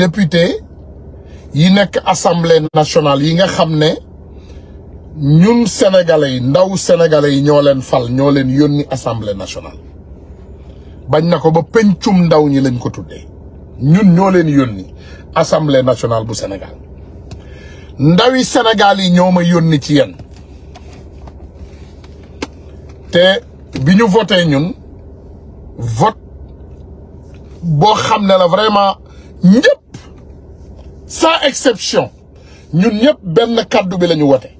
député yi nekk assemblée nationale yi nga xam ne ñun sénégalais yi ndaw sénégalais yi ñoo leen fal ñoo leen yónni assemblée nationale bañ na ko ba pencum ndaw ñi lañ ko tuddee ñun ñoo leen yónni assemblée nationale bu Sénégal ndawi Sénégal yi ñoo ma yónni ci yéen te bi ñu voté ñun vote boo xam ne la vraiment ñëpp sans exception ñun ñëpp benn kàddu bi la ñu wote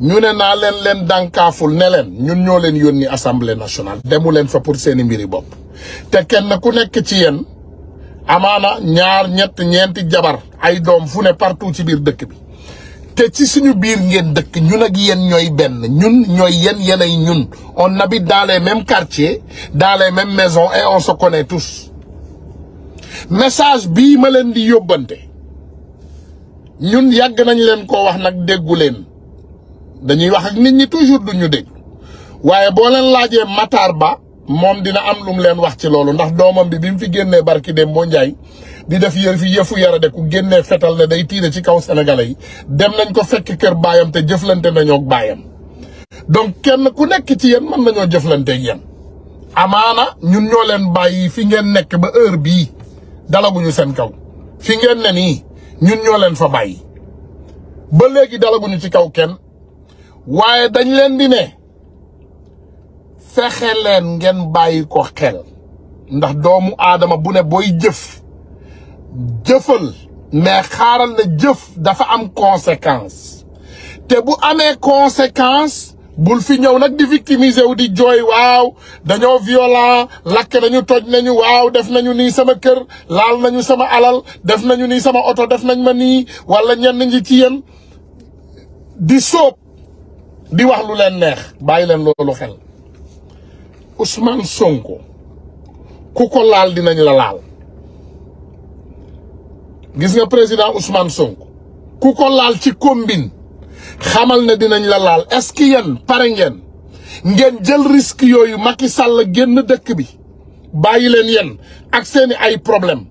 ñu ne naa leen leen dànkaaful ne leen ñun ñoo leen yónni assamble nationale demu leen fa pour seeni mbiri bopp te kenn ku nekk ci yenn amaana ñaar ñett ñeenti jabar ay doom fu ne partout ci biir dëkk bi te ci suñu biir ngeen dëkk ñun ak yéen ñooy benn ñun ñooy yéen yéen ay ñun on habite dans les mêmes quartiers dans les mêmes maisons et on se message bii ma leen di yóbbante ñun yàgg nañu leen koo wax nag déggu leen dañuy wax ak nit ñi toujours du dégg waaye boo leen laajee Matar Ba moom dina am lu leen wax ci loolu ndax doomam bi bi mu fi génnee barki dem moo njaay di def yër fi yëfu yara de ku génnee fetal ne day tiire ci kaw sénégalais yi dem nañ ko fekk kër baayam te jëflante nañoo baayam donc kenn ku nekk ci yéen man nañoo jëflante yen yéen amaana ñun ñoo leen bàyyi fi ngeen nekk ba heure bii dalaguñu seen kaw fi ngeen ne nii ñun ñoo leen fa bàyyi ba léegi dalaguñu ci kaw kenn waaye dañ leen di ne fexe leen ngeen bàyyi ko xel ndax doomu aadama bu ne booy jëf jëfal mais xaaral na jëf dafa am conséquence te bu amee conséquence bul fi ñëw nag di victimiser wu di jooy waaw dañoo viola lakk nañu toj nañu waaw def nañu nii sama kër laal nañu sama alal def nañu nii sama oto def nañ ma nii wala ñenn ñi ci yéen di sóob di wax lu leen neex bàyyi leen loolu xel Ousmane Sonko ku ko laal dinañ la laal gis nga président Ousmane Sonko ku ko laal ci combine xamal ne dinañ la laal est-ce que yéen pare ngeen ngeen jël risque yooyu Macky Sall génn dëkk bi bàyyi leen yéen ak seeni ay problème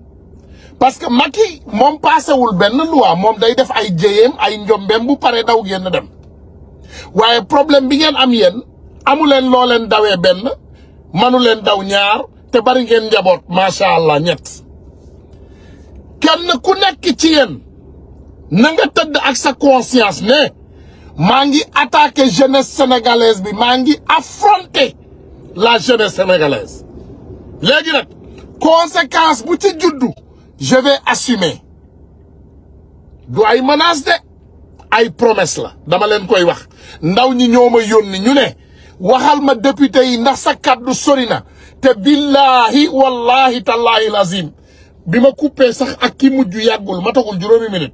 parce que Macky moom paasewul benn luwaa moom day def ay jéyeem ay njombeem bu pare daw génn dem waaye problème bi ngeen am yéen amu leen loo leen dawee benn manu leen daw ñaar te bari ngeen njaboot macha allah ñett kenn ku nekk ci yéen na nga tëdd ak sa conscience ne maa ngi attaqué jeunesse sénégalaise bi maa ngi affronté la jeunesse sénégalaise léegi nag conséquence bu ci juddu geve vais assumer du ay menace de ay promesse la dama leen koy wax ndaw ñi ñoo ma yónni ñu ne waxal ma député yi ndax sa kàddu sori na te billahi wallahi tallahi lazim bi ma coupé sax ak ki mujj yàggul ma tagul juróomi minute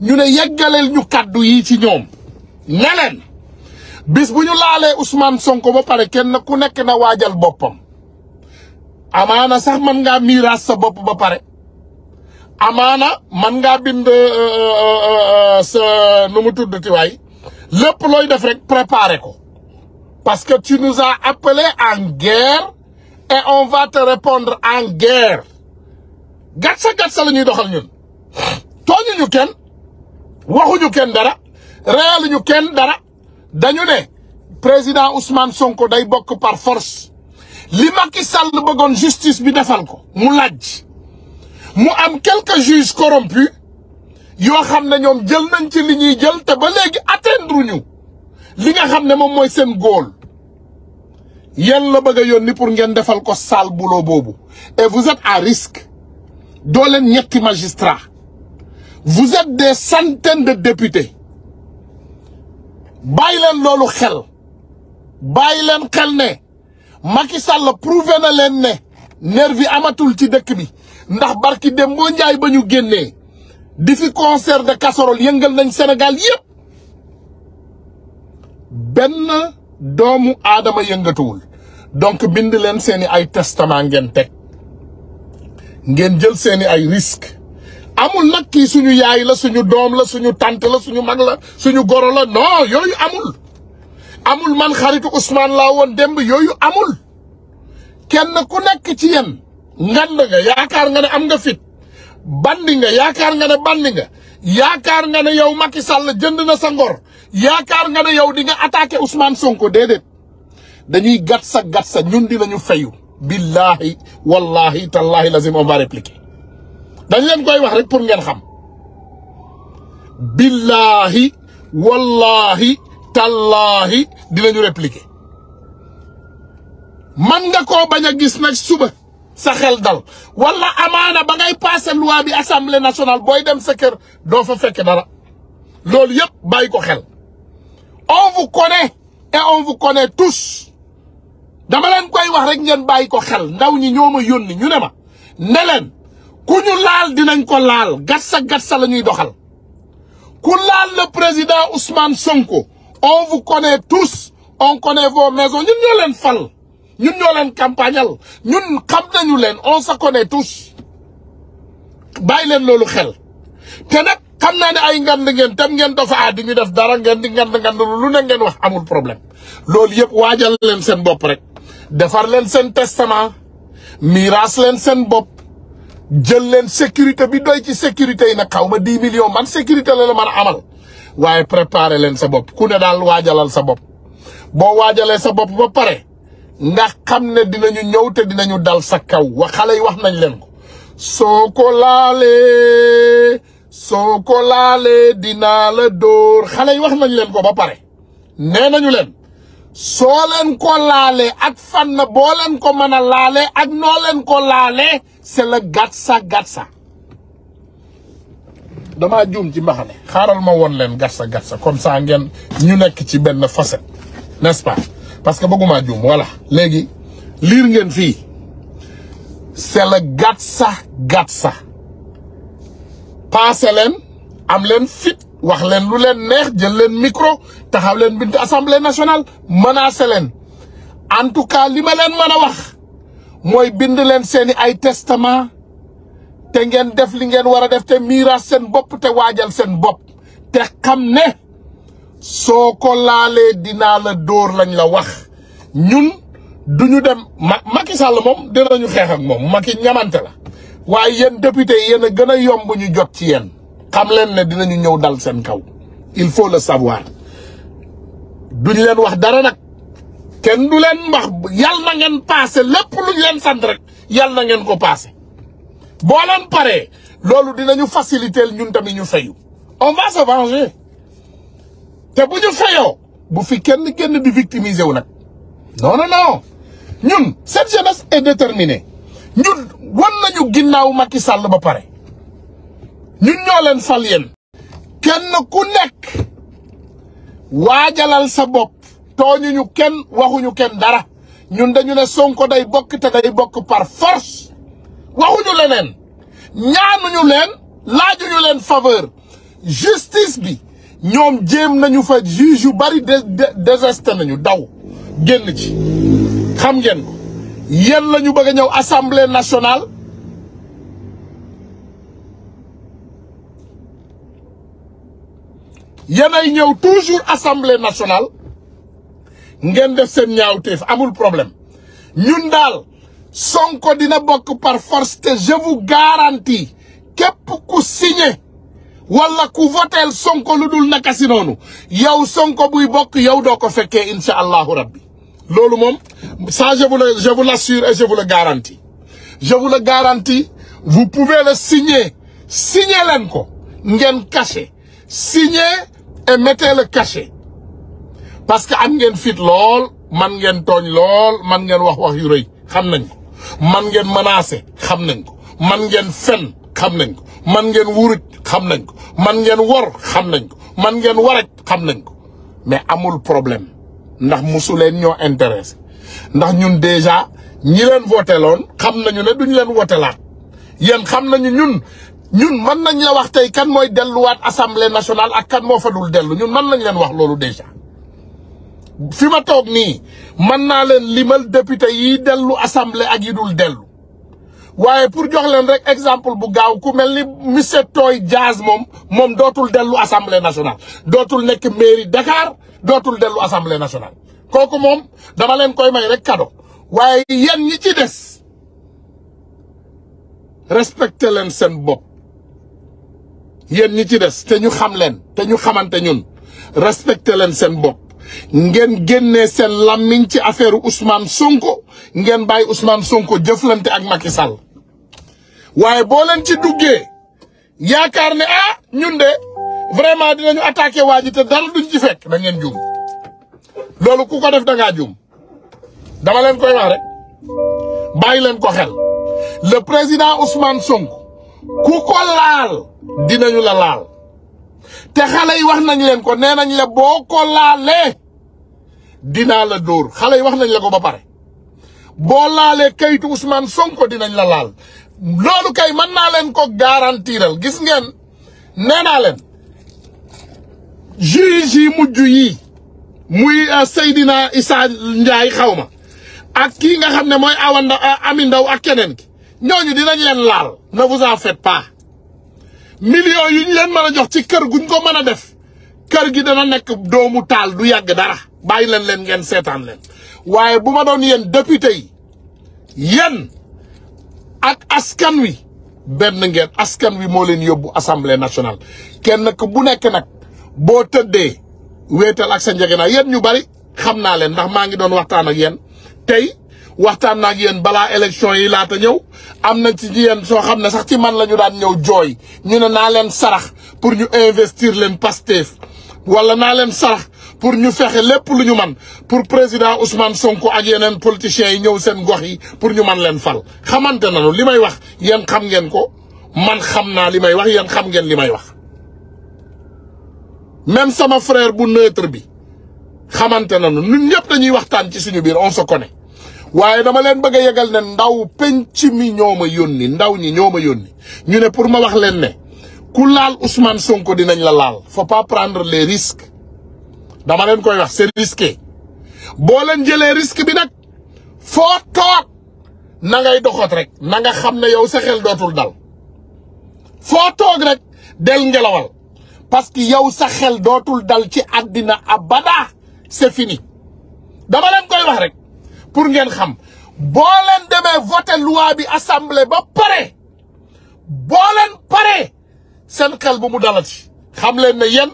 ñu ne yeggaleel ñu kàddu yi ci ñoom ne bis bu ñu laalee Ousmane Sonko ba pare kenn ku nekk na waajal boppam amaana sax mën ngaa miiraas sa bopp ba pare amaana man ngaa bind euh, euh, euh, sa nu mu tuddati waay lépp looy def rek préparer ko parce que tu nous as appelé en guerre et on va te répondre en guerre gatsa gatsa la ñuy doxal ñun tooñuñu kenn waxuñu kenn dara reyaluñu kenn dara dañu ne président Ousmane Sonko day bokk par force li Macky Sall bëggoon justice bi defal ko mu laaj mu am quelques juges corrompus yoo xam ne ñoom jël nañ ci li ñuy jël te ba léegi atteindre ñu li nga xam ne moom mooy seen góol yéen la bëgg yoon yónni pour ngeen defal ko sale boulot boobu et vous êtes à risque doo leen ñetti magistrat vous êtes des centaines de députés bàyyi leen loolu xel bàyyi leen xel ne Macky Sall prouvé leen ne nervi amatul ci dëkk bi ndax barki dem boo njaay ba ñu génnee di fi concert de casserole yëngal nañ Sénégal yépp benn doomu aadama yëngatuwul donc bind leen seeni ay testament ngeen teg ngeen jël seeni ay risque amul nag kii suñu yaay la suñu doom la suñu tante la suñu mag la suñu goro la non yooyu amul amul man xaritu usmaan laa woon démb yooyu amul kenn ku nekk ci yéen ngand nga yaakaar nga ne am nga fit bandi nga yaakaar nga ne bandi nga yaakaar nga ne yow Macky sàll jënd na sa ngor yaakaar nga ne yow di nga attaqué Ousmane Sonko déedéet dañuy gat sa gat sa ñun dinañu fayu billahi wallahi tallahi lazim on va répliquer dañ leen koy wax rek pour ngeen xam billaahi wallaahi tallaahi dinañu répliquer man nga koo bañ a gis nag suba sa xel dal walla amaana ba ngay passé loi bi assemblée nationale booy dem sa kër doo fa fekk dara loolu yëpp bàyyi ko xel on vous connaît et on vous dama leen koy wax rek ngeen bàyyi ko xel ndaw ñi ñoo ma yónni ñu ne ma ne ku ñu laal dinañ ko laal gatsa gatsa la ñuy doxal ku laal le président Ousmane Sonko on vous connaît tous on connaît vos maisons ñun ñoo leen fal ñun ñoo leen campagnal ñun xam nañu leen on se connaît tous bàyyi leen loolu xel te nag xam naa ni ay ngand ngeen tam ngeen dafa ah di ñu def dara ngeen di ngand ngand lu ne ngeen wax amul problème loolu yëpp waajal leen seen bopp rek defar leen seen testament miraas leen seen bopp jël leen sécurité bi doy ci sécurité yi nag xaw ma 10 millions man sécurité la la mën a amal waaye préparer leen sa bopp ku ne daal waajalal sa bopp boo waajalee sa bopp ba pare nga xam ne dinañu ñëw te dinañu dal sa kaw wa xale yi wax nañ leen ko soo ko laalee soo ko laalee dinaa la dóor xale yi wax nañ leen ko ba pare nee nañu leen soo leen ko laalee ak fànn boo leen ko mën a laalee ak noo leen ko laalee c'est le gatsa gatsa damaa juum ci mbaxane xaaral ma woon leen gatsa gatsa comme ça ngeen ñu nekk ci benn facette n'est-ce pas parce que bëggumaa juum voilà léegi liir ngeen fii c'est le gatsa gatsa paase leen am leen fit wax leen lu leen neex jël leen micro taxaw leen bintu assemblée nationale menacé leen en tout cas li ma leen mën a wax mooy bind leen seeni ay testament te ngeen def li ngeen war a def te miiras seen bopp te waajal seen bopp te xam ne soo ko laalee dinaa la dóor lañu la wax ñun duñu dem ma Macky Sall moom dinañu xeex ak moom Macky ñamante la waaye yéen député yéen a gën a yomb ñu jot ci yéen xam leen ne dinañu ñëw dal seen kaw il faut le savoir duñ leen wax dara nag kenn du leen wax yal na ngeen paase lépp luñ leen sant rek yal na ngeen ko paase boo leen paree loolu dinañu faciliter ñun tamit ñu fayu on va se venger te bu ñu fayoo bu fi kenn kenn di victimiser wu nag non non non ñun cette jeunesse est déterminée ñun na ñu ginnaaw Macky Sall ba pare ñun ñoo leen fal yéen kenn ku nekk waajalal sa bopp tooñuñu kenn waxuñu kenn dara ñun dañu ne Sonko day bokk te day bokk par force waxuñu leneen ñaanuñu leen laajuñu leen faveur justice bi ñoom jéem nañu fa juge yu bari désesté nañu daw génn ci xam ngeen ko yéen lañu bëgg a ñëw assemblée nationale yenay ñëw toujours assemblée nationale ngeen def seen ñaawteef amul problème ñun daal Sonko dina bokk par force te je vous garantis képp ku signé wala ku voteel Sonko lu dul naka si noonu yow Sonko buy bokk yow doo ko fekkee incha allahu rabbi loolu moom ça je vous le je vous l'assure et je vous le garantis je vous le garantis vous ko ngeen caché signer et mettez le cachet parce que am ngeen fit lool man ngeen tooñ lool man ngeen wax wax yu rëy xam nañ ko man ngeen menacer xam nañ ko man ngeen fen xam nañ ko man ngeen wuruj xam nañ ko man ngeen wor xam nañ ko man ngeen waraj xam nañ ko mais amul problème ndax musu leen ñoo intéressé ndax ñun déjà ñi leen voté loon xam nañu ne duñ leen voté laat yéen xam nañu ñun ñun mën nañ la wax tey kan mooy delluwaat assemblée nationale ak kan moo fa dul dellu ñun mën nañ leen wax loolu déjà fi ma toog nii mën naa leen limal député yi dellu assemblée ak yi dul dellu waaye pour jox leen rek exemple bu gaaw ku mel ni monsieur Toye Dias moom moom dootul dellu assemblée nationale dootul nekk mairie dakaar dootul dellu assemblée nationale kooku moom dama leen koy may rek kado waaye yéen ñi ci des respecté leen seen bopp yéen ñi ci des te ñu xam leen te ñu xamante ñun respecté leen seen bopp ngeen génnee seen làmmiñ ci affaire Ousmane Sonko ngeen bàyyi Ousmane Sonko jëflante ak Macky Sall waaye boo leen ci duggee yaakaar ne ah ñun de vraiment dinañu attaqué waa ji te dara duñ ci fekk da ngeen juum loolu ku ko def da ngaa juum dama leen koy wax rek bàyyi leen ko xel le président Ousmane Sonko. ku ko laal dinañu la laal te xale yi wax nañ leen ko nee nañ la boo ko laalee dinaa la dóor xale yi wax nañ la ko ba pare boo laalee kayitu Ousmane Sonko dinañ la laal loolu kay mën naa leen ko garantiral gis ngeen nee naa leen juge yi mujj yii muy euh, Seydina Issa Ndiaye xaw ma ak kii nga xam ne mooy Awa Ndaw euh, Ami Ndaw ak keneen ki ñooñu dinañ leen laal ne vous en faites pas millions yu leen mën a jox ci kër guñ ko mën a def kër gi dana nekk doomu taal du yàgg dara bàyyi leen leen ngeen seetaan leen waaye bu ma doon yen député yi yéen ak askan wi benn ngeen askan wi moo leen yóbbu assemblée nationale kenn ku bu nekk nag boo tëddee wéetal ak sa njëgënaay yéen ñu bari xam naa leen ndax maa ngi doon waxtaan ak yéen tey waxtaan na ak yéen balaa élection yi laata ñëw am na ci yéen soo xam ne sax ci man la ñu daan ñëw jooy ñu ne naa leen sarax pour ñu investir leen Pastef wala naa leen sarax pour ñu fexe lépp lu ñu man pour président Ousmane Sonko ak yeneen politiciens yi ñëw seen gox yi pour ñu man leen fal xamante nanu li may wax yéen xam ngeen ko man xam naa li may wax yéen xam ngeen li may wax même sama frère bu neutre bi xamante nanu ñun ñëpp dañuy waxtaan ci suñu bi on se connaît waaye dama leen bëgg a yegal ne ndaw penc mi ñoo ma yónni ndaw ñi ñoo ma yónni ñu ne pour ma wax leen ne ku laal Ousmane Sonko dinañ la laal faut pas prendre les risques dama leen koy wax c'est risqué boo leen jëlee risque bi nag foo toog na ngay doxat rek nanga xam ne yow sa xel dootul dal foo toog rek del ngelawal parce que yow sa xel dootul dal ci àddina abada c'est fini dama leen koy wax rek pour ngeen xam boo leen demee voté loi bi assemblée ba pare boo leen pare seen xel bu mu dalati xam leen ne yéen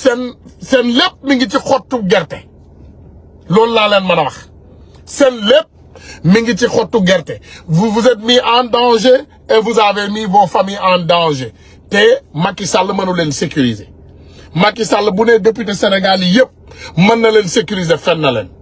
seen seen lépp mi ngi ci xottu gerte loolu laa leen mën a wax seen lépp mi ngi ci xottu gerte vous vous êtes mis en danger et vous avez mis vos familles en danger te Macky Sall mënu leen sécuriser Macky Sall bu nee député Sénégal yi yëpp mën na leen sécuriser fen na leen